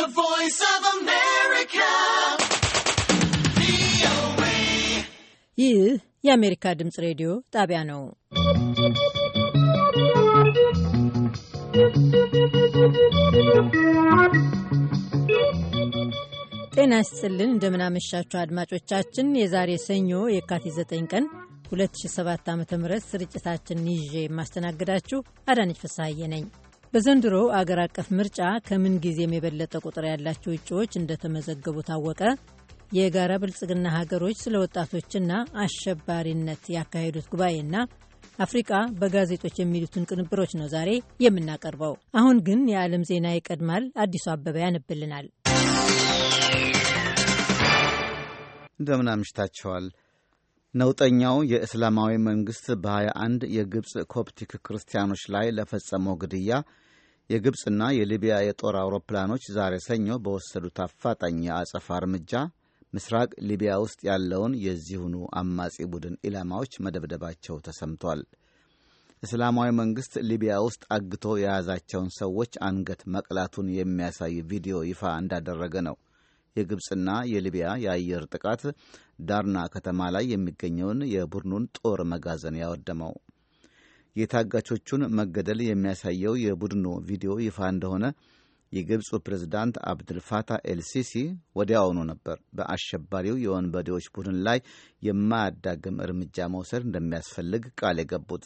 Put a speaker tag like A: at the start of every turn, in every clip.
A: The Voice of America.
B: ይህ የአሜሪካ ድምፅ ሬዲዮ ጣቢያ ነው። ጤና ይስጥልን፣ እንደምናመሻችሁ አድማጮቻችን። የዛሬ ሰኞ የካቲት 9 ቀን 2007 ዓ ም ስርጭታችንን ይዤ የማስተናግዳችሁ አዳነች ፍስሐዬ ነኝ። በዘንድሮ አገር አቀፍ ምርጫ ከምን ጊዜም የበለጠ ቁጥር ያላቸው እጩዎች እንደተመዘገቡ ታወቀ። የጋራ ብልጽግና ሀገሮች ስለ ወጣቶችና አሸባሪነት ያካሄዱት ጉባኤና አፍሪቃ በጋዜጦች የሚሉትን ቅንብሮች ነው ዛሬ የምናቀርበው። አሁን ግን የዓለም ዜና ይቀድማል። አዲሱ አበበ ያነብልናል።
C: እንደምን አምሽታቸዋል። ነውጠኛው የእስላማዊ መንግሥት በ21 የግብፅ ኮፕቲክ ክርስቲያኖች ላይ ለፈጸመው ግድያ የግብፅና የሊቢያ የጦር አውሮፕላኖች ዛሬ ሰኞ በወሰዱት አፋጣኝ የአጸፋ እርምጃ ምስራቅ ሊቢያ ውስጥ ያለውን የዚሁኑ አማጺ ቡድን ኢላማዎች መደብደባቸው ተሰምቷል። እስላማዊ መንግሥት ሊቢያ ውስጥ አግቶ የያዛቸውን ሰዎች አንገት መቅላቱን የሚያሳይ ቪዲዮ ይፋ እንዳደረገ ነው የግብፅና የሊቢያ የአየር ጥቃት ዳርና ከተማ ላይ የሚገኘውን የቡድኑን ጦር መጋዘን ያወደመው። የታጋቾቹን መገደል የሚያሳየው የቡድኑ ቪዲዮ ይፋ እንደሆነ የግብፁ ፕሬዝዳንት አብድልፋታህ ኤልሲሲ ወዲያውኑ ነበር በአሸባሪው የወንበዴዎች ቡድን ላይ የማያዳግም እርምጃ መውሰድ እንደሚያስፈልግ ቃል የገቡት።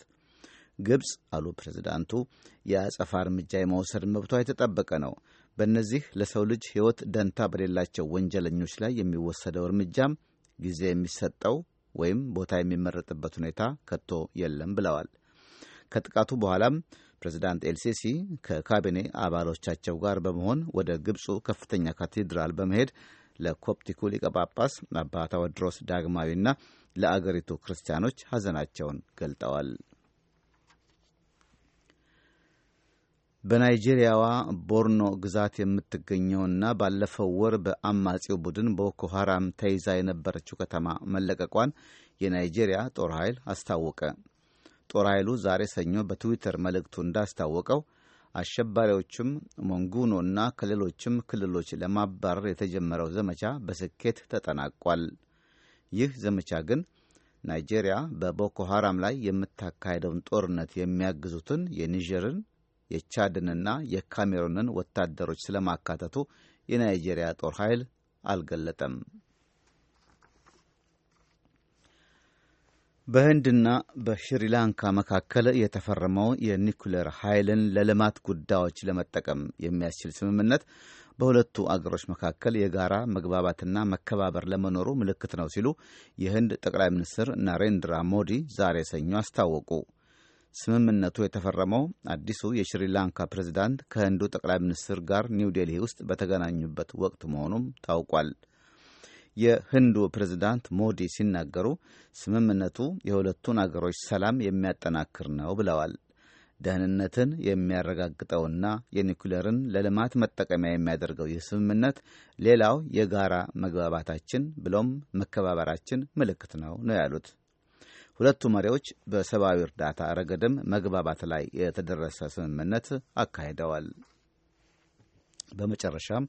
C: ግብፅ አሉ ፕሬዝዳንቱ፣ የአጸፋ እርምጃ የመውሰድ መብቷ የተጠበቀ ነው። በእነዚህ ለሰው ልጅ ሕይወት ደንታ በሌላቸው ወንጀለኞች ላይ የሚወሰደው እርምጃም ጊዜ የሚሰጠው ወይም ቦታ የሚመረጥበት ሁኔታ ከቶ የለም ብለዋል። ከጥቃቱ በኋላም ፕሬዚዳንት ኤልሲሲ ከካቢኔ አባሎቻቸው ጋር በመሆን ወደ ግብፁ ከፍተኛ ካቴድራል በመሄድ ለኮፕቲኩ ሊቀ ጳጳስ አባ ታወድሮስ ዳግማዊና ለአገሪቱ ክርስቲያኖች ሐዘናቸውን ገልጠዋል። በናይጄሪያዋ ቦርኖ ግዛት የምትገኘውና ባለፈው ወር በአማጺው ቡድን ቦኮ ሐራም ተይዛ የነበረችው ከተማ መለቀቋን የናይጄሪያ ጦር ኃይል አስታወቀ። ጦር ኃይሉ ዛሬ ሰኞ በትዊተር መልእክቱ እንዳስታወቀው ሞንጉኖ እና ከሌሎችም ክልሎች ለማባረር የተጀመረው ዘመቻ በስኬት ተጠናቋል። ይህ ዘመቻ ግን ናይጄሪያ በቦኮ ሐራም ላይ የምታካሄደውን ጦርነት የሚያግዙትን የኒጀርን የቻድንና የካሜሩንን ወታደሮች ስለማካተቱ የናይጄሪያ ጦር ኃይል አልገለጠም። በህንድና በሽሪላንካ መካከል የተፈረመው የኒኩሌር ኃይልን ለልማት ጉዳዮች ለመጠቀም የሚያስችል ስምምነት በሁለቱ አገሮች መካከል የጋራ መግባባትና መከባበር ለመኖሩ ምልክት ነው ሲሉ የህንድ ጠቅላይ ሚኒስትር ናሬንድራ ሞዲ ዛሬ ሰኞ አስታወቁ። ስምምነቱ የተፈረመው አዲሱ የሽሪላንካ ፕሬዚዳንት ከህንዱ ጠቅላይ ሚኒስትር ጋር ኒው ዴልሂ ውስጥ በተገናኙበት ወቅት መሆኑም ታውቋል። የህንዱ ፕሬዝዳንት ሞዲ ሲናገሩ ስምምነቱ የሁለቱን አገሮች ሰላም የሚያጠናክር ነው ብለዋል። ደህንነትን የሚያረጋግጠውና የኒኩሌርን ለልማት መጠቀሚያ የሚያደርገው ይህ ስምምነት ሌላው የጋራ መግባባታችን ብሎም መከባበራችን ምልክት ነው ነው ያሉት። ሁለቱ መሪዎች በሰብአዊ እርዳታ ረገድም መግባባት ላይ የተደረሰ ስምምነት አካሂደዋል። በመጨረሻም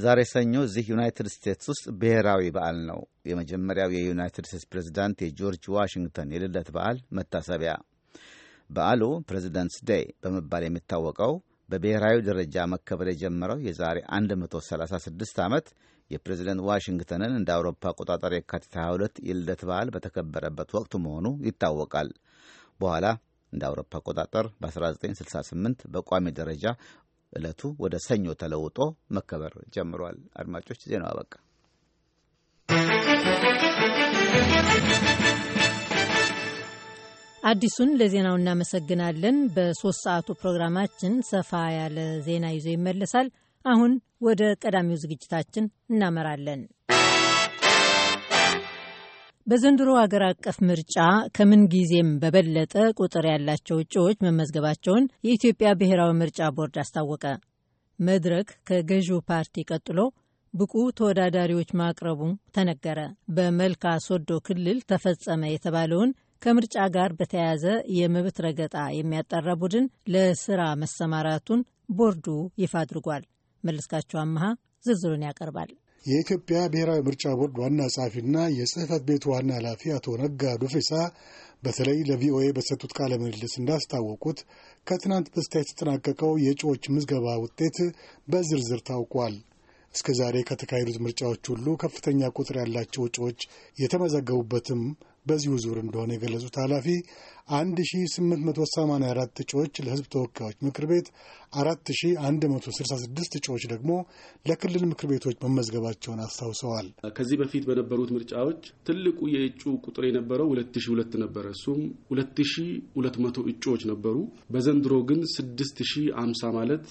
C: ዛሬ ሰኞ እዚህ ዩናይትድ ስቴትስ ውስጥ ብሔራዊ በዓል ነው። የመጀመሪያው የዩናይትድ ስቴትስ ፕሬዝዳንት የጆርጅ ዋሽንግተን የልደት በዓል መታሰቢያ በዓሉ ፕሬዚደንትስ ዴይ በመባል የሚታወቀው በብሔራዊ ደረጃ መከበር የጀመረው የዛሬ 136 ዓመት የፕሬዚደንት ዋሽንግተንን እንደ አውሮፓ አቆጣጠር የካቲት 22 የልደት በዓል በተከበረበት ወቅት መሆኑ ይታወቃል። በኋላ እንደ አውሮፓ አቆጣጠር በ1968 በቋሚ ደረጃ ዕለቱ ወደ ሰኞ ተለውጦ መከበር ጀምሯል። አድማጮች፣ ዜናው አበቃ።
B: አዲሱን ለዜናው እናመሰግናለን። በሶስት ሰዓቱ ፕሮግራማችን ሰፋ ያለ ዜና ይዞ ይመለሳል። አሁን ወደ ቀዳሚው ዝግጅታችን እናመራለን። በዘንድሮ አገር አቀፍ ምርጫ ከምን ጊዜም በበለጠ ቁጥር ያላቸው እጩዎች መመዝገባቸውን የኢትዮጵያ ብሔራዊ ምርጫ ቦርድ አስታወቀ። መድረክ ከገዢው ፓርቲ ቀጥሎ ብቁ ተወዳዳሪዎች ማቅረቡ ተነገረ። በመልካ ሶዶ ክልል ተፈጸመ የተባለውን ከምርጫ ጋር በተያያዘ የመብት ረገጣ የሚያጠራ ቡድን ለስራ መሰማራቱን ቦርዱ ይፋ አድርጓል። መለስካቸው አመሃ ዝርዝሩን ያቀርባል።
D: የኢትዮጵያ ብሔራዊ ምርጫ ቦርድ ዋና ጸሐፊና የጽህፈት ቤቱ ዋና ኃላፊ አቶ ነጋ ዱፌሳ በተለይ ለቪኦኤ በሰጡት ቃለ ምልልስ እንዳስታወቁት ከትናንት በስቲያ የተጠናቀቀው የእጩዎች ምዝገባ ውጤት በዝርዝር ታውቋል። እስከ ዛሬ ከተካሄዱት ምርጫዎች ሁሉ ከፍተኛ ቁጥር ያላቸው እጩዎች የተመዘገቡበትም በዚሁ ዙር እንደሆነ የገለጹት ኃላፊ 1884 እጩዎች ለህዝብ ተወካዮች ምክር ቤት፣ 4166 እጩዎች ደግሞ ለክልል ምክር ቤቶች መመዝገባቸውን አስታውሰዋል።
E: ከዚህ በፊት በነበሩት ምርጫዎች ትልቁ የእጩ ቁጥር የነበረው 2002 ነበረ። እሱም 2200 እጩዎች ነበሩ። በዘንድሮ ግን 6050 ማለት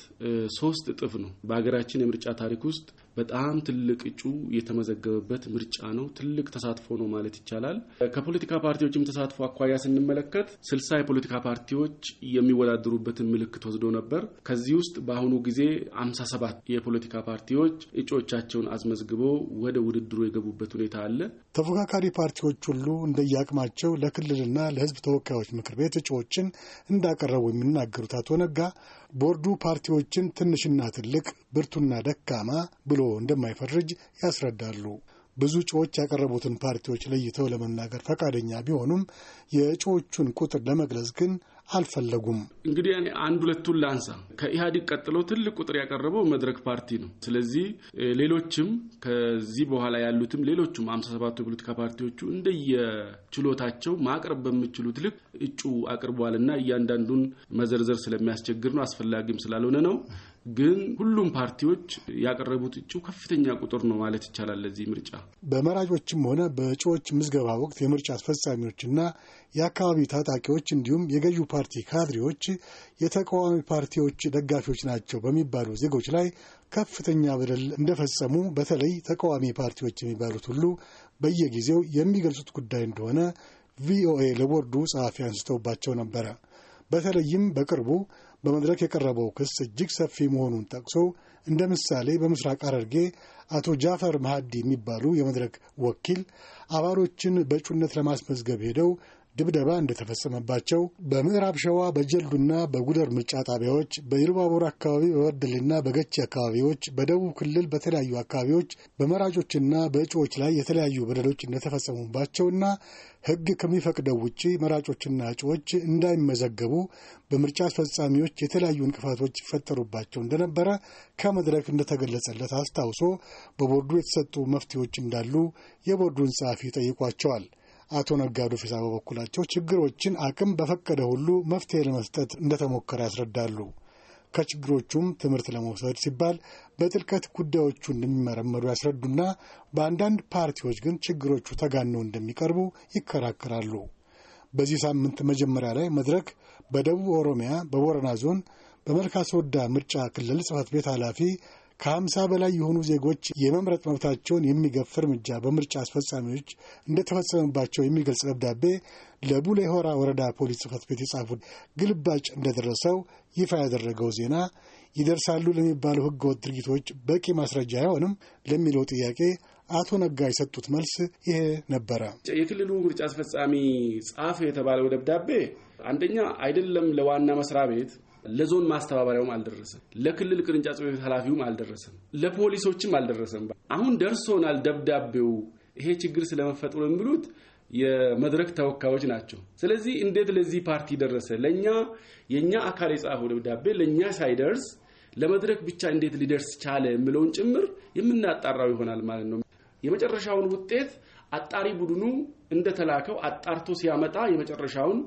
E: ሶስት እጥፍ ነው። በሀገራችን የምርጫ ታሪክ ውስጥ በጣም ትልቅ እጩ የተመዘገበበት ምርጫ ነው። ትልቅ ተሳትፎ ነው ማለት ይቻላል። ከፖለቲካ ፓርቲዎችም ተሳትፎ አኳያ ስንመለከት ስንመለከት ስልሳ የፖለቲካ ፓርቲዎች የሚወዳደሩበትን ምልክት ወስዶ ነበር። ከዚህ ውስጥ በአሁኑ ጊዜ አምሳ ሰባት የፖለቲካ ፓርቲዎች እጩዎቻቸውን አስመዝግቦ ወደ ውድድሩ የገቡበት ሁኔታ አለ።
D: ተፎካካሪ ፓርቲዎች ሁሉ እንደየአቅማቸው ለክልልና ለሕዝብ ተወካዮች ምክር ቤት እጩዎችን እንዳቀረቡ የሚናገሩት አቶ ነጋ ቦርዱ ፓርቲዎችን ትንሽና ትልቅ፣ ብርቱና ደካማ ብሎ እንደማይፈርጅ ያስረዳሉ። ብዙ እጩዎች ያቀረቡትን ፓርቲዎች ለይተው ለመናገር ፈቃደኛ ቢሆኑም የእጩዎቹን ቁጥር ለመግለጽ ግን አልፈለጉም።
E: እንግዲህ አንድ ሁለቱን ላንሳ። ከኢህአዴግ ቀጥሎ ትልቅ ቁጥር ያቀረበው መድረክ ፓርቲ ነው። ስለዚህ ሌሎችም ከዚህ በኋላ ያሉትም ሌሎችም አምሳ ሰባቱ የፖለቲካ ፓርቲዎቹ እንደየችሎታቸው ማቅረብ በሚችሉት ልክ እጩ አቅርበዋል እና እያንዳንዱን መዘርዘር ስለሚያስቸግር ነው አስፈላጊም ስላልሆነ ነው ግን ሁሉም ፓርቲዎች ያቀረቡት እጩ ከፍተኛ ቁጥር ነው ማለት ይቻላል። ለዚህ ምርጫ
D: በመራጮችም ሆነ በእጩዎች ምዝገባ ወቅት የምርጫ አስፈጻሚዎችና የአካባቢ ታጣቂዎች እንዲሁም የገዢው ፓርቲ ካድሬዎች የተቃዋሚ ፓርቲዎች ደጋፊዎች ናቸው በሚባሉ ዜጎች ላይ ከፍተኛ በደል እንደፈጸሙ በተለይ ተቃዋሚ ፓርቲዎች የሚባሉት ሁሉ በየጊዜው የሚገልጹት ጉዳይ እንደሆነ ቪኦኤ ለቦርዱ ጸሐፊ አንስተውባቸው ነበረ። በተለይም በቅርቡ በመድረክ የቀረበው ክስ እጅግ ሰፊ መሆኑን ጠቅሶ እንደ ምሳሌ በምስራቅ ሐረርጌ አቶ ጃፈር መሀዲ የሚባሉ የመድረክ ወኪል አባሎችን በእጩነት ለማስመዝገብ ሄደው ድብደባ እንደተፈጸመባቸው በምዕራብ ሸዋ በጀልዱና በጉደር ምርጫ ጣቢያዎች፣ በኢሉባቡር አካባቢ በበደልና በገቺ አካባቢዎች፣ በደቡብ ክልል በተለያዩ አካባቢዎች በመራጮችና በእጩዎች ላይ የተለያዩ በደሎች እንደተፈጸሙባቸውና ሕግ ከሚፈቅደው ውጪ መራጮችና እጩዎች እንዳይመዘገቡ በምርጫ አስፈጻሚዎች የተለያዩ እንቅፋቶች ይፈጠሩባቸው እንደነበረ ከመድረክ እንደተገለጸለት አስታውሶ በቦርዱ የተሰጡ መፍትሄዎች እንዳሉ የቦርዱን ጸሐፊ ጠይቋቸዋል። አቶ ነጋዶ ፊሳ በበኩላቸው ችግሮችን አቅም በፈቀደ ሁሉ መፍትሄ ለመስጠት እንደተሞከረ ያስረዳሉ። ከችግሮቹም ትምህርት ለመውሰድ ሲባል በጥልቀት ጉዳዮቹ እንደሚመረመሩ ያስረዱና በአንዳንድ ፓርቲዎች ግን ችግሮቹ ተጋነው እንደሚቀርቡ ይከራከራሉ። በዚህ ሳምንት መጀመሪያ ላይ መድረክ በደቡብ ኦሮሚያ በቦረና ዞን በመልካ ሶወዳ ምርጫ ክልል ጽህፈት ቤት ኃላፊ ከአምሳ በላይ የሆኑ ዜጎች የመምረጥ መብታቸውን የሚገፍ እርምጃ በምርጫ አስፈጻሚዎች እንደተፈጸመባቸው የሚገልጽ ደብዳቤ ለቡሌሆራ ወረዳ ፖሊስ ጽሕፈት ቤት የጻፉት ግልባጭ እንደደረሰው ይፋ ያደረገው ዜና ይደርሳሉ ለሚባሉ ህገወጥ ድርጊቶች በቂ ማስረጃ አይሆንም ለሚለው ጥያቄ አቶ ነጋ የሰጡት መልስ ይሄ ነበረ።
E: የክልሉ ምርጫ አስፈጻሚ ጻፍ የተባለው ደብዳቤ አንደኛ አይደለም ለዋና መስሪያ ቤት ለዞን ማስተባበሪያውም አልደረሰም፣ ለክልል ቅርንጫፍ ጽሕፈት ቤት ኃላፊውም አልደረሰም፣ ለፖሊሶችም አልደረሰም። አሁን ደርሶናል ደብዳቤው ይሄ ችግር ስለመፈጠሩ የሚሉት የመድረክ ተወካዮች ናቸው። ስለዚህ እንዴት ለዚህ ፓርቲ ደረሰ? ለእኛ የእኛ አካል የጻፈው ደብዳቤ ለእኛ ሳይደርስ ለመድረክ ብቻ እንዴት ሊደርስ ቻለ የሚለውን ጭምር የምናጣራው ይሆናል ማለት ነው። የመጨረሻውን ውጤት አጣሪ ቡድኑ እንደተላከው አጣርቶ ሲያመጣ የመጨረሻውን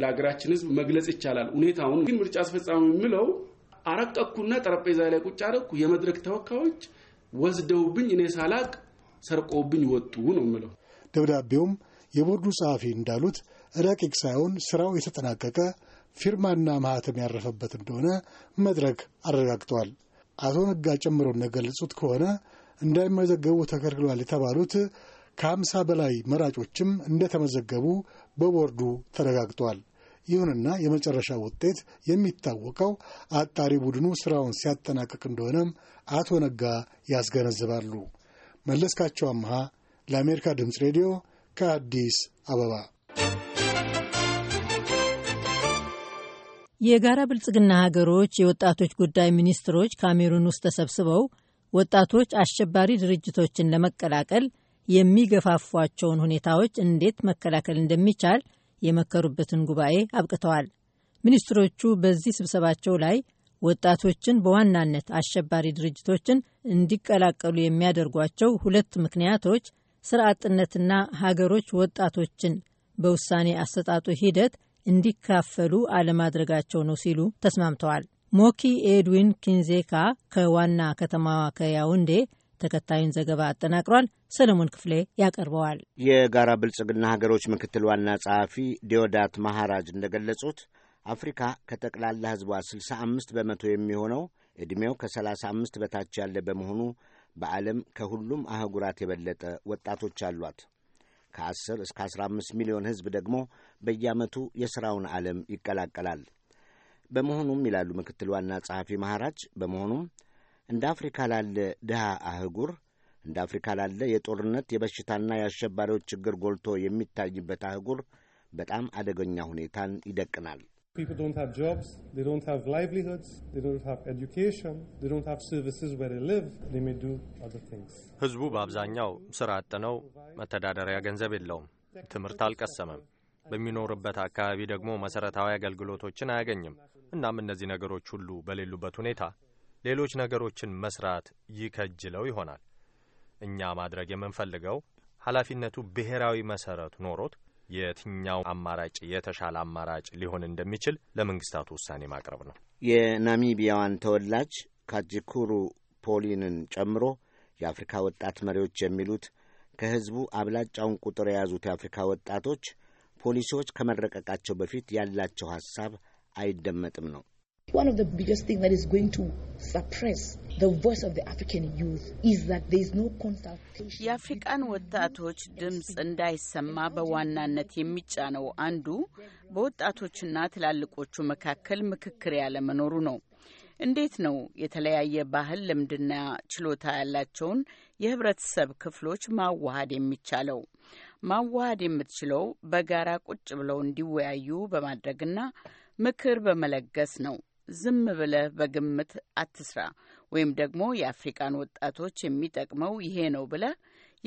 E: ለሀገራችን ህዝብ መግለጽ ይቻላል። ሁኔታውን ግን ምርጫ አስፈጻሚ የምለው አረቀኩና ጠረጴዛ ላይ ቁጭ አረኩ የመድረክ ተወካዮች ወስደውብኝ እኔ ሳላቅ ሰርቆብኝ ወጡ ነው የምለው።
D: ደብዳቤውም የቦርዱ ጸሐፊ እንዳሉት ረቂቅ ሳይሆን ስራው የተጠናቀቀ ፊርማና ማህተም ያረፈበት እንደሆነ መድረክ አረጋግጠዋል። አቶ ነጋ ጨምሮ እንደገለጹት ከሆነ እንዳይመዘገቡ ተከልክሏል የተባሉት ከአምሳ በላይ መራጮችም እንደተመዘገቡ በቦርዱ ተረጋግጧል። ይሁንና የመጨረሻ ውጤት የሚታወቀው አጣሪ ቡድኑ ስራውን ሲያጠናቅቅ እንደሆነም አቶ ነጋ ያስገነዝባሉ። መለስካቸው አምሃ ለአሜሪካ ድምፅ ሬዲዮ ከአዲስ አበባ
B: የጋራ ብልጽግና ሀገሮች የወጣቶች ጉዳይ ሚኒስትሮች ካሜሩን ውስጥ ተሰብስበው ወጣቶች አሸባሪ ድርጅቶችን ለመቀላቀል የሚገፋፏቸውን ሁኔታዎች እንዴት መከላከል እንደሚቻል የመከሩበትን ጉባኤ አብቅተዋል። ሚኒስትሮቹ በዚህ ስብሰባቸው ላይ ወጣቶችን በዋናነት አሸባሪ ድርጅቶችን እንዲቀላቀሉ የሚያደርጓቸው ሁለት ምክንያቶች ስራ አጥነትና ሀገሮች ወጣቶችን በውሳኔ አሰጣጡ ሂደት እንዲካፈሉ አለማድረጋቸው ነው ሲሉ ተስማምተዋል። ሞኪ ኤድዊን ኪንዜካ ከዋና ከተማዋ ከያውንዴ ተከታዩን ዘገባ አጠናቅሯል። ሰለሞን ክፍሌ ያቀርበዋል።
F: የጋራ ብልጽግና ሀገሮች ምክትል ዋና ጸሐፊ ዲዮዳት ማሃራጅ እንደገለጹት አፍሪካ ከጠቅላላ ሕዝቧ 65 በመቶ የሚሆነው ዕድሜው ከ35 በታች ያለ በመሆኑ በዓለም ከሁሉም አህጉራት የበለጠ ወጣቶች አሏት። ከ10 እስከ 15 ሚሊዮን ሕዝብ ደግሞ በየዓመቱ የሥራውን ዓለም ይቀላቀላል። በመሆኑም ይላሉ ምክትል ዋና ጸሐፊ ማሃራጅ በመሆኑም እንደ አፍሪካ ላለ ድሃ አህጉር እንደ አፍሪካ ላለ የጦርነት የበሽታና የአሸባሪዎች ችግር ጎልቶ የሚታይበት አህጉር በጣም አደገኛ ሁኔታን ይደቅናል።
G: ህዝቡ በአብዛኛው ስራ አጥ ነው። መተዳደሪያ ገንዘብ የለውም። ትምህርት አልቀሰመም። በሚኖርበት አካባቢ ደግሞ መሰረታዊ አገልግሎቶችን አያገኝም። እናም እነዚህ ነገሮች ሁሉ በሌሉበት ሁኔታ ሌሎች ነገሮችን መስራት ይከጅለው ይሆናል። እኛ ማድረግ የምንፈልገው ኃላፊነቱ ብሔራዊ መሰረት ኖሮት የትኛው አማራጭ የተሻለ አማራጭ ሊሆን እንደሚችል ለመንግስታቱ ውሳኔ ማቅረብ ነው።
F: የናሚቢያዋን ተወላጅ ካጂኩሩ ፖሊንን ጨምሮ የአፍሪካ ወጣት መሪዎች የሚሉት ከህዝቡ አብላጫውን ቁጥር የያዙት የአፍሪካ ወጣቶች ፖሊሲዎች ከመረቀቃቸው በፊት ያላቸው ሐሳብ አይደመጥም ነው።
C: One of the biggest things that is going to suppress the voice of the African youth is that there is no consultation. የአፍሪቃን ወጣቶች ድምፅ እንዳይሰማ በዋናነት የሚጫነው አንዱ በወጣቶችና ትላልቆቹ መካከል ምክክር ያለመኖሩ ነው። እንዴት ነው የተለያየ ባህል ልምድና ችሎታ ያላቸውን የህብረተሰብ ክፍሎች ማዋሃድ የሚቻለው? ማዋሃድ የምትችለው በጋራ ቁጭ ብለው እንዲወያዩ በማድረግና ምክር በመለገስ ነው። ዝም ብለህ በግምት አትስራ ወይም ደግሞ የአፍሪቃን ወጣቶች የሚጠቅመው ይሄ ነው ብለህ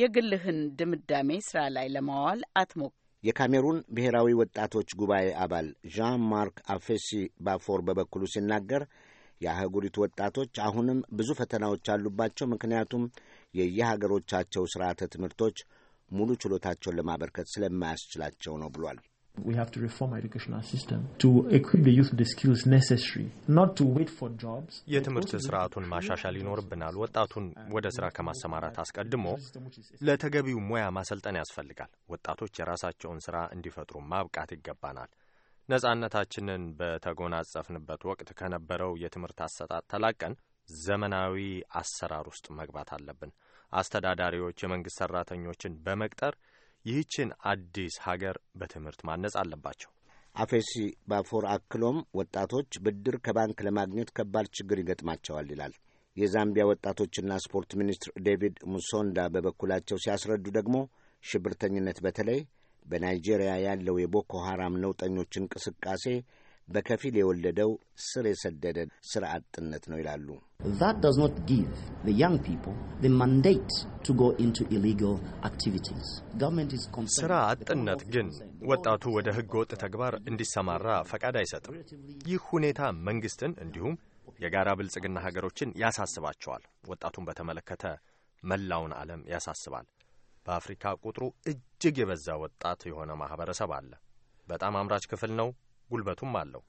C: የግልህን ድምዳሜ ስራ ላይ ለማዋል አትሞ
F: የካሜሩን ብሔራዊ ወጣቶች ጉባኤ አባል ዣን ማርክ አፌሲ ባፎር በበኩሉ ሲናገር የአህጉሪቱ ወጣቶች አሁንም ብዙ ፈተናዎች አሉባቸው፣ ምክንያቱም የየሀገሮቻቸው ስርዓተ ትምህርቶች ሙሉ ችሎታቸውን ለማበርከት ስለማያስችላቸው ነው ብሏል።
G: We have to reform our educational system to equip the youth with the skills necessary, not to wait for jobs. የትምህርት ስርዓቱን ማሻሻል ይኖርብናል። ወጣቱን ወደ ስራ ከማሰማራት አስቀድሞ ለተገቢው ሙያ ማሰልጠን ያስፈልጋል። ወጣቶች የራሳቸውን ስራ እንዲፈጥሩ ማብቃት ይገባናል። ነጻነታችንን በተጎናጸፍንበት ወቅት ከነበረው የትምህርት አሰጣጥ ተላቀን ዘመናዊ አሰራር ውስጥ መግባት አለብን። አስተዳዳሪዎች የመንግስት ሰራተኞችን በመቅጠር ይህችን አዲስ ሀገር በትምህርት ማነጽ አለባቸው።
F: አፌሲ ባፎር አክሎም ወጣቶች ብድር ከባንክ ለማግኘት ከባድ ችግር ይገጥማቸዋል ይላል። የዛምቢያ ወጣቶችና ስፖርት ሚኒስትር ዴቪድ ሙሶንዳ በበኩላቸው ሲያስረዱ ደግሞ ሽብርተኝነት በተለይ በናይጄሪያ ያለው የቦኮ ሐራም ነውጠኞች እንቅስቃሴ በከፊል የወለደው ስር የሰደደ ስራ አጥነት ነው ይላሉ። ስራ
G: አጥነት ግን ወጣቱ ወደ ሕገ ወጥ ተግባር እንዲሰማራ ፈቃድ አይሰጥም። ይህ ሁኔታ መንግስትን እንዲሁም የጋራ ብልጽግና ሀገሮችን ያሳስባቸዋል። ወጣቱን በተመለከተ መላውን ዓለም ያሳስባል። በአፍሪካ ቁጥሩ እጅግ የበዛ ወጣት የሆነ ማህበረሰብ አለ። በጣም አምራች ክፍል ነው። ጉልበቱም አለው።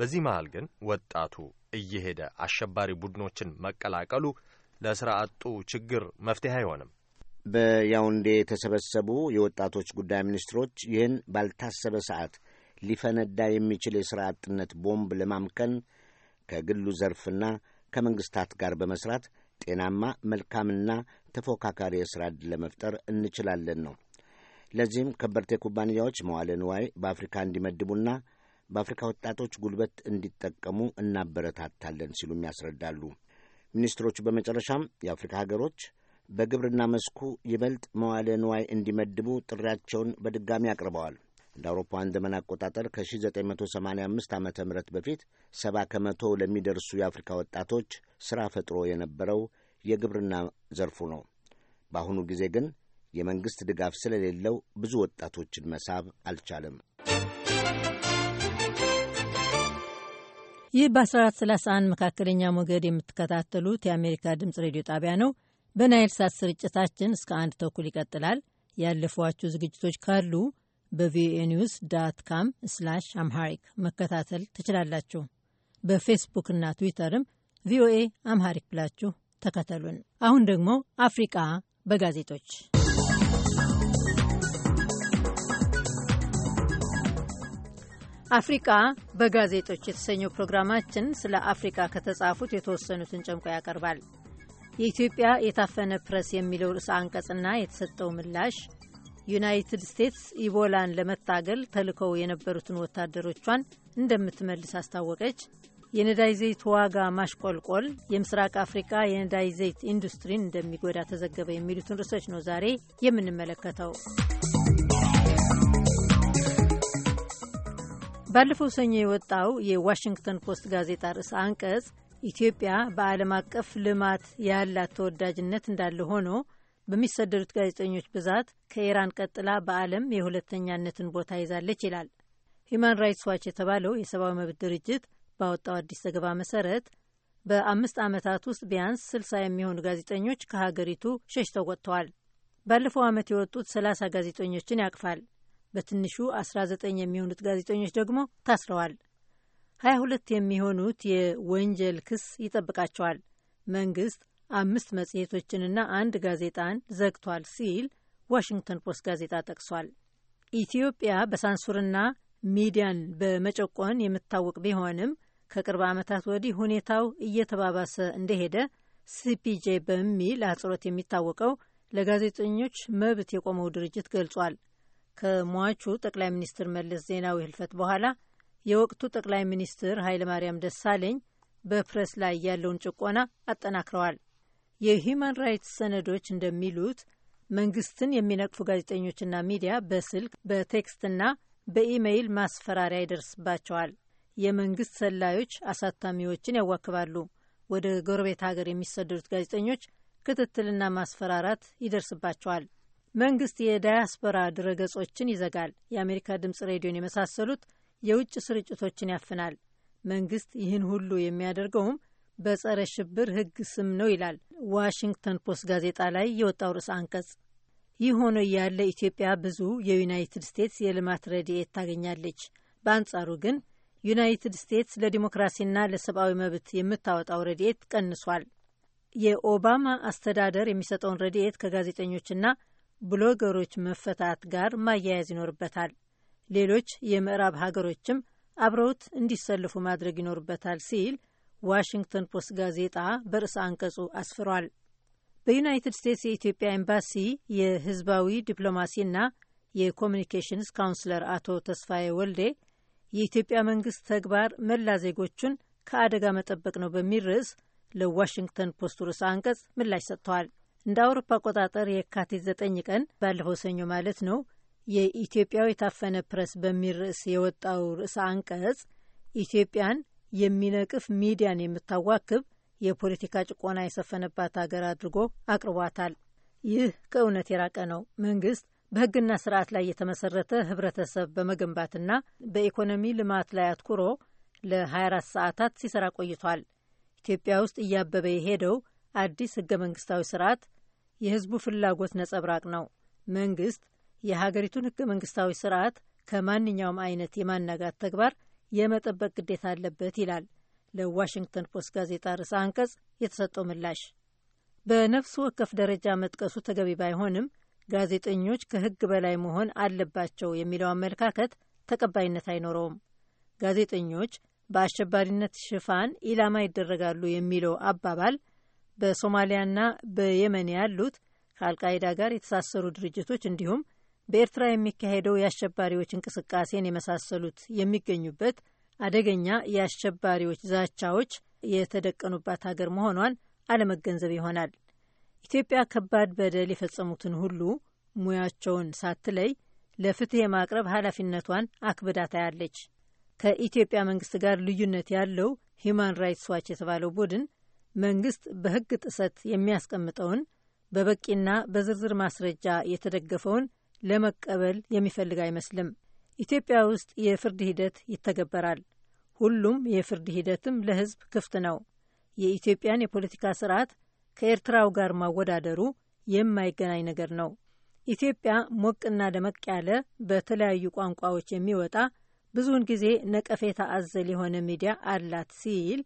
G: በዚህ መሃል ግን ወጣቱ እየሄደ አሸባሪ ቡድኖችን መቀላቀሉ ለስራ አጡ ችግር መፍትሄ አይሆንም።
F: በያውንዴ የተሰበሰቡ የወጣቶች ጉዳይ ሚኒስትሮች ይህን ባልታሰበ ሰዓት ሊፈነዳ የሚችል የሥራ አጥነት ቦምብ ለማምከን ከግሉ ዘርፍና ከመንግሥታት ጋር በመሥራት ጤናማ መልካምና ተፎካካሪ የሥራ ዕድል ለመፍጠር እንችላለን ነው። ለዚህም ከበርቴ ኩባንያዎች መዋለ ንዋይ በአፍሪካ እንዲመድቡና በአፍሪካ ወጣቶች ጉልበት እንዲጠቀሙ እናበረታታለን ሲሉም ያስረዳሉ። ሚኒስትሮቹ በመጨረሻም የአፍሪካ ሀገሮች በግብርና መስኩ ይበልጥ መዋለ ንዋይ እንዲመድቡ ጥሪያቸውን በድጋሚ አቅርበዋል። እንደ አውሮፓውያን ዘመን አቆጣጠር ከ1985 ዓ ም በፊት ሰባ ከመቶ ለሚደርሱ የአፍሪካ ወጣቶች ሥራ ፈጥሮ የነበረው የግብርና ዘርፉ ነው። በአሁኑ ጊዜ ግን የመንግሥት ድጋፍ ስለሌለው ብዙ ወጣቶችን መሳብ አልቻለም።
B: ይህ በ1431 መካከለኛ ሞገድ የምትከታተሉት የአሜሪካ ድምፅ ሬዲዮ ጣቢያ ነው። በናይል ሳት ስርጭታችን እስከ አንድ ተኩል ይቀጥላል። ያለፏችሁ ዝግጅቶች ካሉ በቪኦኤ ኒውስ ዳት ካም ስላሽ አምሃሪክ መከታተል ትችላላችሁ። በፌስቡክና ትዊተርም ቪኦኤ አምሃሪክ ብላችሁ ተከተሉን። አሁን ደግሞ አፍሪቃ በጋዜጦች አፍሪቃ በጋዜጦች የተሰኘው ፕሮግራማችን ስለ አፍሪቃ ከተጻፉት የተወሰኑትን ጨምቆ ያቀርባል። የኢትዮጵያ የታፈነ ፕረስ የሚለው ርዕሰ አንቀጽና የተሰጠው ምላሽ፣ ዩናይትድ ስቴትስ ኢቦላን ለመታገል ተልከው የነበሩትን ወታደሮቿን እንደምትመልስ አስታወቀች፣ የነዳጅ ዘይት ዋጋ ማሽቆልቆል የምስራቅ አፍሪቃ የነዳጅ ዘይት ኢንዱስትሪን እንደሚጎዳ ተዘገበ፣ የሚሉትን ርዕሶች ነው ዛሬ የምንመለከተው። ባለፈው ሰኞ የወጣው የዋሽንግተን ፖስት ጋዜጣ ርዕሰ አንቀጽ ኢትዮጵያ በዓለም አቀፍ ልማት ያላት ተወዳጅነት እንዳለ ሆኖ በሚሰደዱት ጋዜጠኞች ብዛት ከኢራን ቀጥላ በዓለም የሁለተኛነትን ቦታ ይዛለች ይላል። ሂማን ራይትስ ዋች የተባለው የሰብአዊ መብት ድርጅት ባወጣው አዲስ ዘገባ መሰረት በአምስት ዓመታት ውስጥ ቢያንስ ስልሳ የሚሆኑ ጋዜጠኞች ከሀገሪቱ ሸሽተው ወጥተዋል። ባለፈው ዓመት የወጡት ሰላሳ ጋዜጠኞችን ያቅፋል። በትንሹ 19 የሚሆኑት ጋዜጠኞች ደግሞ ታስረዋል። 22 የሚሆኑት የወንጀል ክስ ይጠብቃቸዋል። መንግስት አምስት መጽሔቶችንና አንድ ጋዜጣን ዘግቷል ሲል ዋሽንግተን ፖስት ጋዜጣ ጠቅሷል። ኢትዮጵያ በሳንሱርና ሚዲያን በመጨቆን የምትታወቅ ቢሆንም ከቅርብ ዓመታት ወዲህ ሁኔታው እየተባባሰ እንደሄደ ሲፒጄ በሚል አጽሮት የሚታወቀው ለጋዜጠኞች መብት የቆመው ድርጅት ገልጿል። ከሟቹ ጠቅላይ ሚኒስትር መለስ ዜናዊ ህልፈት በኋላ የወቅቱ ጠቅላይ ሚኒስትር ኃይለማርያም ደሳለኝ በፕሬስ ላይ ያለውን ጭቆና አጠናክረዋል። የሂዩማን ራይትስ ሰነዶች እንደሚሉት መንግስትን የሚነቅፉ ጋዜጠኞችና ሚዲያ በስልክ በቴክስትና በኢሜይል ማስፈራሪያ ይደርስባቸዋል። የመንግስት ሰላዮች አሳታሚዎችን ያዋክባሉ። ወደ ጎረቤት ሀገር የሚሰደዱት ጋዜጠኞች ክትትልና ማስፈራራት ይደርስባቸዋል። መንግስት የዳያስፖራ ድረገጾችን ይዘጋል፣ የአሜሪካ ድምፅ ሬዲዮን የመሳሰሉት የውጭ ስርጭቶችን ያፍናል። መንግስት ይህን ሁሉ የሚያደርገውም በጸረ ሽብር ህግ ስም ነው ይላል ዋሽንግተን ፖስት ጋዜጣ ላይ የወጣው ርዕስ አንቀጽ። ይህ ሆኖ ያለ ኢትዮጵያ ብዙ የዩናይትድ ስቴትስ የልማት ረድኤት ታገኛለች። በአንጻሩ ግን ዩናይትድ ስቴትስ ለዲሞክራሲና ለሰብአዊ መብት የምታወጣው ረድኤት ቀንሷል። የኦባማ አስተዳደር የሚሰጠውን ረድኤት ከጋዜጠኞችና ብሎገሮች መፈታት ጋር ማያያዝ ይኖርበታል። ሌሎች የምዕራብ ሀገሮችም አብረውት እንዲሰልፉ ማድረግ ይኖርበታል ሲል ዋሽንግተን ፖስት ጋዜጣ በርዕሰ አንቀጹ አስፍሯል። በዩናይትድ ስቴትስ የኢትዮጵያ ኤምባሲ የህዝባዊ ዲፕሎማሲና የኮሚኒኬሽንስ ካውንስለር አቶ ተስፋዬ ወልዴ የኢትዮጵያ መንግስት ተግባር መላ ዜጎቹን ከአደጋ መጠበቅ ነው በሚል ርዕስ ለዋሽንግተን ፖስት ርዕሰ አንቀጽ ምላሽ ሰጥተዋል። እንደ አውሮፓ አቆጣጠር የካቲት 9 ቀን ባለፈው ሰኞ ማለት ነው። የኢትዮጵያው የታፈነ ፕረስ በሚል ርዕስ የወጣው ርዕሰ አንቀጽ ኢትዮጵያን የሚነቅፍ ሚዲያን የምታዋክብ የፖለቲካ ጭቆና የሰፈነባት ሀገር አድርጎ አቅርቧታል። ይህ ከእውነት የራቀ ነው። መንግስት በህግና ስርዓት ላይ የተመሰረተ ህብረተሰብ በመገንባትና በኢኮኖሚ ልማት ላይ አትኩሮ ለ24 ሰዓታት ሲሰራ ቆይቷል። ኢትዮጵያ ውስጥ እያበበ የሄደው አዲስ ህገ መንግስታዊ ስርዓት የህዝቡ ፍላጎት ነጸብራቅ ነው። መንግስት የሀገሪቱን ህገ መንግስታዊ ስርዓት ከማንኛውም አይነት የማናጋት ተግባር የመጠበቅ ግዴታ አለበት ይላል ለዋሽንግተን ፖስት ጋዜጣ ርዕሰ አንቀጽ የተሰጠው ምላሽ። በነፍስ ወከፍ ደረጃ መጥቀሱ ተገቢ ባይሆንም ጋዜጠኞች ከህግ በላይ መሆን አለባቸው የሚለው አመለካከት ተቀባይነት አይኖረውም። ጋዜጠኞች በአሸባሪነት ሽፋን ኢላማ ይደረጋሉ የሚለው አባባል በሶማሊያና በየመን ያሉት ከአልቃይዳ ጋር የተሳሰሩ ድርጅቶች እንዲሁም በኤርትራ የሚካሄደው የአሸባሪዎች እንቅስቃሴን የመሳሰሉት የሚገኙበት አደገኛ የአሸባሪዎች ዛቻዎች የተደቀኑባት ሀገር መሆኗን አለመገንዘብ ይሆናል። ኢትዮጵያ ከባድ በደል የፈጸሙትን ሁሉ ሙያቸውን ሳትለይ ለፍትህ የማቅረብ ኃላፊነቷን አክብዳ ታያለች። ከኢትዮጵያ መንግስት ጋር ልዩነት ያለው ሂዩማን ራይትስ ዋች የተባለው ቡድን መንግስት በህግ ጥሰት የሚያስቀምጠውን በበቂና በዝርዝር ማስረጃ የተደገፈውን ለመቀበል የሚፈልግ አይመስልም። ኢትዮጵያ ውስጥ የፍርድ ሂደት ይተገበራል። ሁሉም የፍርድ ሂደትም ለህዝብ ክፍት ነው። የኢትዮጵያን የፖለቲካ ስርዓት ከኤርትራው ጋር ማወዳደሩ የማይገናኝ ነገር ነው። ኢትዮጵያ ሞቅና ደመቅ ያለ በተለያዩ ቋንቋዎች የሚወጣ ብዙውን ጊዜ ነቀፌታ አዘል የሆነ ሚዲያ አላት ሲል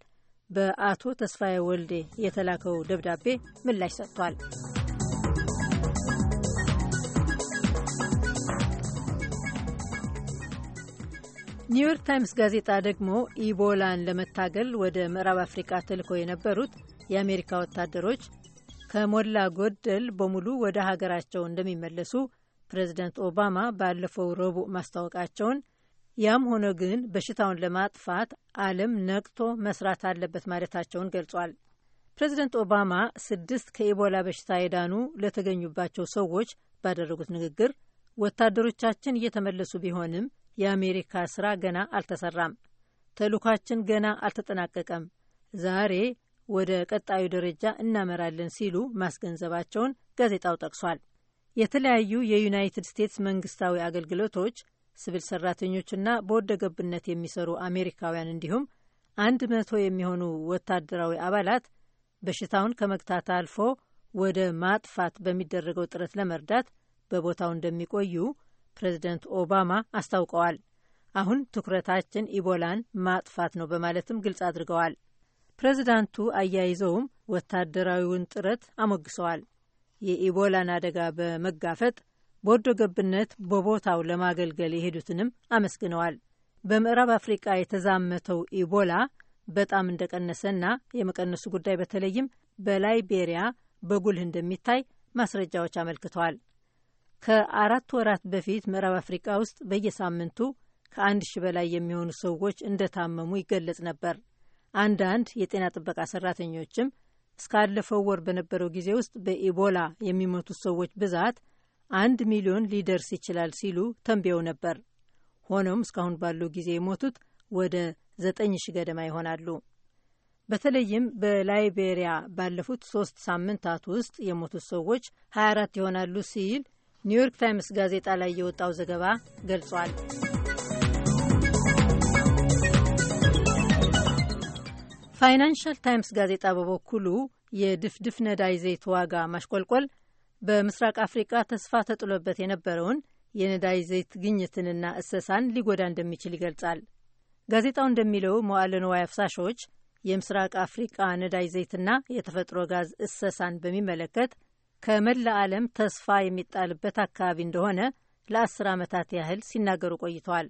B: በአቶ ተስፋዬ ወልዴ የተላከው ደብዳቤ ምላሽ ሰጥቷል። ኒውዮርክ ታይምስ ጋዜጣ ደግሞ ኢቦላን ለመታገል ወደ ምዕራብ አፍሪቃ ተልከው የነበሩት የአሜሪካ ወታደሮች ከሞላ ጎደል በሙሉ ወደ ሀገራቸው እንደሚመለሱ ፕሬዚደንት ኦባማ ባለፈው ረቡዕ ማስታወቃቸውን ያም ሆነ ግን በሽታውን ለማጥፋት ዓለም ነቅቶ መስራት አለበት ማለታቸውን ገልጿል። ፕሬዚደንት ኦባማ ስድስት ከኢቦላ በሽታ የዳኑ ለተገኙባቸው ሰዎች ባደረጉት ንግግር ወታደሮቻችን እየተመለሱ ቢሆንም የአሜሪካ ስራ ገና አልተሰራም፣ ተልኳችን ገና አልተጠናቀቀም፣ ዛሬ ወደ ቀጣዩ ደረጃ እናመራለን ሲሉ ማስገንዘባቸውን ጋዜጣው ጠቅሷል። የተለያዩ የዩናይትድ ስቴትስ መንግስታዊ አገልግሎቶች ሲቪል ሰራተኞችና በወደ ገብነት የሚሰሩ አሜሪካውያን እንዲሁም አንድ መቶ የሚሆኑ ወታደራዊ አባላት በሽታውን ከመግታት አልፎ ወደ ማጥፋት በሚደረገው ጥረት ለመርዳት በቦታው እንደሚቆዩ ፕሬዚደንት ኦባማ አስታውቀዋል። አሁን ትኩረታችን ኢቦላን ማጥፋት ነው በማለትም ግልጽ አድርገዋል። ፕሬዚዳንቱ አያይዘውም ወታደራዊውን ጥረት አሞግሰዋል። የኢቦላን አደጋ በመጋፈጥ በወዶ ገብነት በቦታው ለማገልገል የሄዱትንም አመስግነዋል። በምዕራብ አፍሪቃ የተዛመተው ኢቦላ በጣም እንደቀነሰና የመቀነሱ ጉዳይ በተለይም በላይቤሪያ በጉልህ እንደሚታይ ማስረጃዎች አመልክተዋል። ከአራት ወራት በፊት ምዕራብ አፍሪቃ ውስጥ በየሳምንቱ ከአንድ ሺ በላይ የሚሆኑ ሰዎች እንደታመሙ ይገለጽ ነበር። አንዳንድ የጤና ጥበቃ ሰራተኞችም እስካለፈው ወር በነበረው ጊዜ ውስጥ በኢቦላ የሚሞቱት ሰዎች ብዛት አንድ ሚሊዮን ሊደርስ ይችላል ሲሉ ተንብየው ነበር። ሆኖም እስካሁን ባለው ጊዜ የሞቱት ወደ ዘጠኝ ሺ ገደማ ይሆናሉ። በተለይም በላይቤሪያ ባለፉት ሶስት ሳምንታት ውስጥ የሞቱት ሰዎች 24 ይሆናሉ ሲል ኒውዮርክ ታይምስ ጋዜጣ ላይ የወጣው ዘገባ ገልጿል። ፋይናንሻል ታይምስ ጋዜጣ በበኩሉ የድፍድፍ ነዳጅ ዘይት ዋጋ ማሽቆልቆል በምስራቅ አፍሪቃ ተስፋ ተጥሎበት የነበረውን የነዳጅ ዘይት ግኝትንና እሰሳን ሊጎዳ እንደሚችል ይገልጻል። ጋዜጣው እንደሚለው መዋዕለ ንዋይ አፍሳሾች የምስራቅ አፍሪቃ ነዳጅ ዘይትና የተፈጥሮ ጋዝ እሰሳን በሚመለከት ከመላ ዓለም ተስፋ የሚጣልበት አካባቢ እንደሆነ ለአስር ዓመታት ያህል ሲናገሩ ቆይተዋል።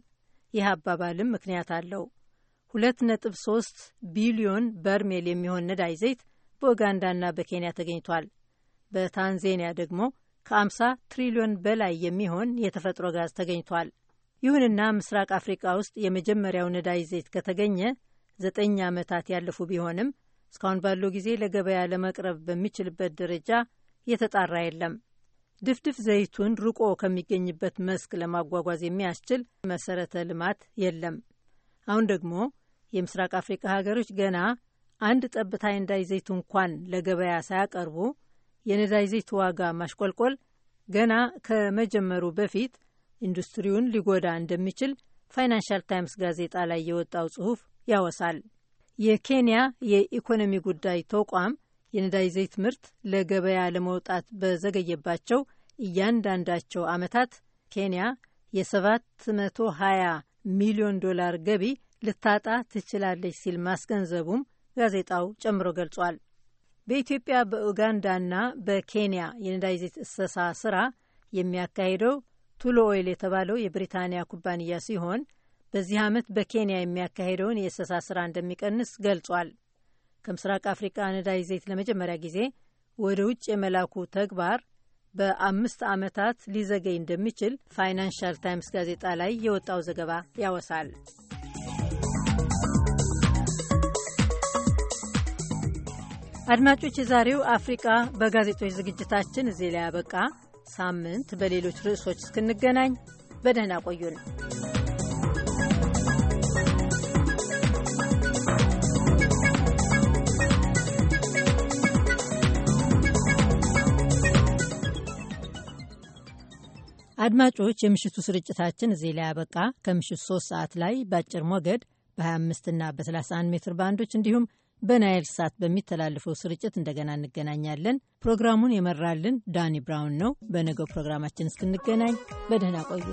B: ይህ አባባልም ምክንያት አለው። ሁለት ነጥብ ሶስት ቢሊዮን በርሜል የሚሆን ነዳጅ ዘይት በኡጋንዳና በኬንያ ተገኝቷል። በታንዜኒያ ደግሞ ከ50 ትሪሊዮን በላይ የሚሆን የተፈጥሮ ጋዝ ተገኝቷል። ይሁንና ምስራቅ አፍሪቃ ውስጥ የመጀመሪያው ነዳጅ ዘይት ከተገኘ ዘጠኝ ዓመታት ያለፉ ቢሆንም እስካሁን ባለው ጊዜ ለገበያ ለመቅረብ በሚችልበት ደረጃ የተጣራ የለም። ድፍድፍ ዘይቱን ርቆ ከሚገኝበት መስክ ለማጓጓዝ የሚያስችል መሰረተ ልማት የለም። አሁን ደግሞ የምስራቅ አፍሪካ ሀገሮች ገና አንድ ጠብታ ነዳጅ ዘይት እንኳን ለገበያ ሳያቀርቡ የነዳጅ ዘይት ዋጋ ማሽቆልቆል ገና ከመጀመሩ በፊት ኢንዱስትሪውን ሊጎዳ እንደሚችል ፋይናንሻል ታይምስ ጋዜጣ ላይ የወጣው ጽሑፍ ያወሳል። የኬንያ የኢኮኖሚ ጉዳይ ተቋም የነዳጅ ዘይት ምርት ለገበያ ለመውጣት በዘገየባቸው እያንዳንዳቸው ዓመታት ኬንያ የ720 ሚሊዮን ዶላር ገቢ ልታጣ ትችላለች ሲል ማስገንዘቡም ጋዜጣው ጨምሮ ገልጿል። በኢትዮጵያ በኡጋንዳና በኬንያ የነዳጅ ዘይት እሰሳ ስራ የሚያካሂደው ቱሎ ኦይል የተባለው የብሪታንያ ኩባንያ ሲሆን በዚህ ዓመት በኬንያ የሚያካሂደውን የእሰሳ ስራ እንደሚቀንስ ገልጿል። ከምስራቅ አፍሪቃ ነዳጅ ዘይት ለመጀመሪያ ጊዜ ወደ ውጭ የመላኩ ተግባር በአምስት ዓመታት ሊዘገይ እንደሚችል ፋይናንሻል ታይምስ ጋዜጣ ላይ የወጣው ዘገባ ያወሳል። አድማጮች፣ የዛሬው አፍሪቃ በጋዜጦች ዝግጅታችን እዚህ ላይ ያበቃ። ሳምንት በሌሎች ርዕሶች እስክንገናኝ በደህና ቆዩን። አድማጮች የምሽቱ ስርጭታችን እዚህ ላይ ያበቃ። ከምሽቱ 3 ሰዓት ላይ በአጭር ሞገድ በ25 እና በ31 ሜትር ባንዶች እንዲሁም በናይል ሳት በሚተላለፈው ስርጭት እንደገና እንገናኛለን። ፕሮግራሙን የመራልን ዳኒ ብራውን ነው። በነገው ፕሮግራማችን እስክንገናኝ በደህና ቆዩ።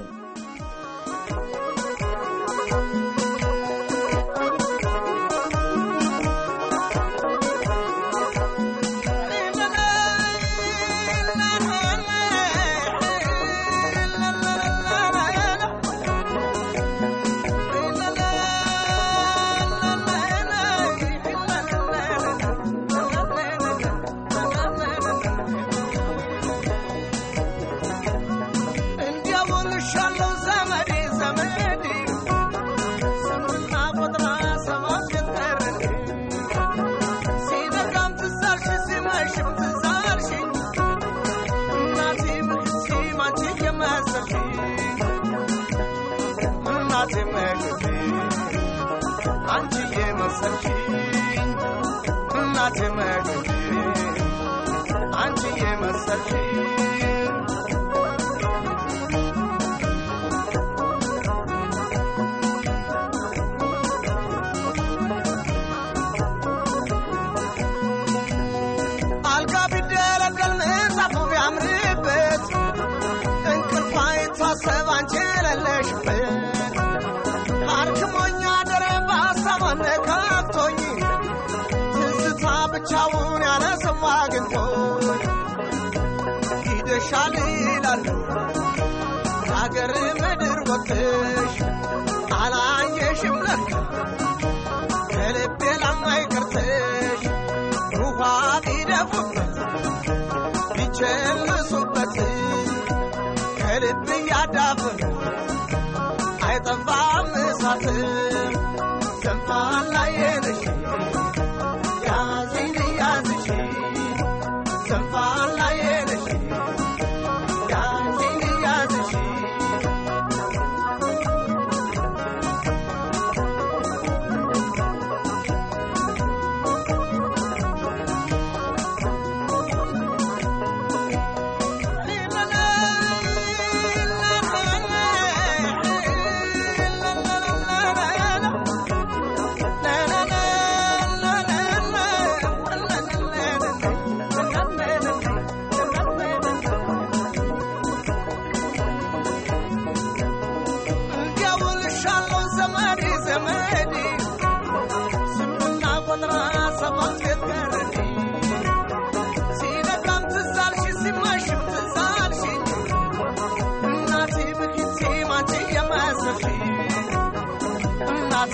A: magazine. Auntie, I'm a sucker. chel so pasi khere tin ya dab ay tan ba me sa እናቴ የማያስቅ እናቴ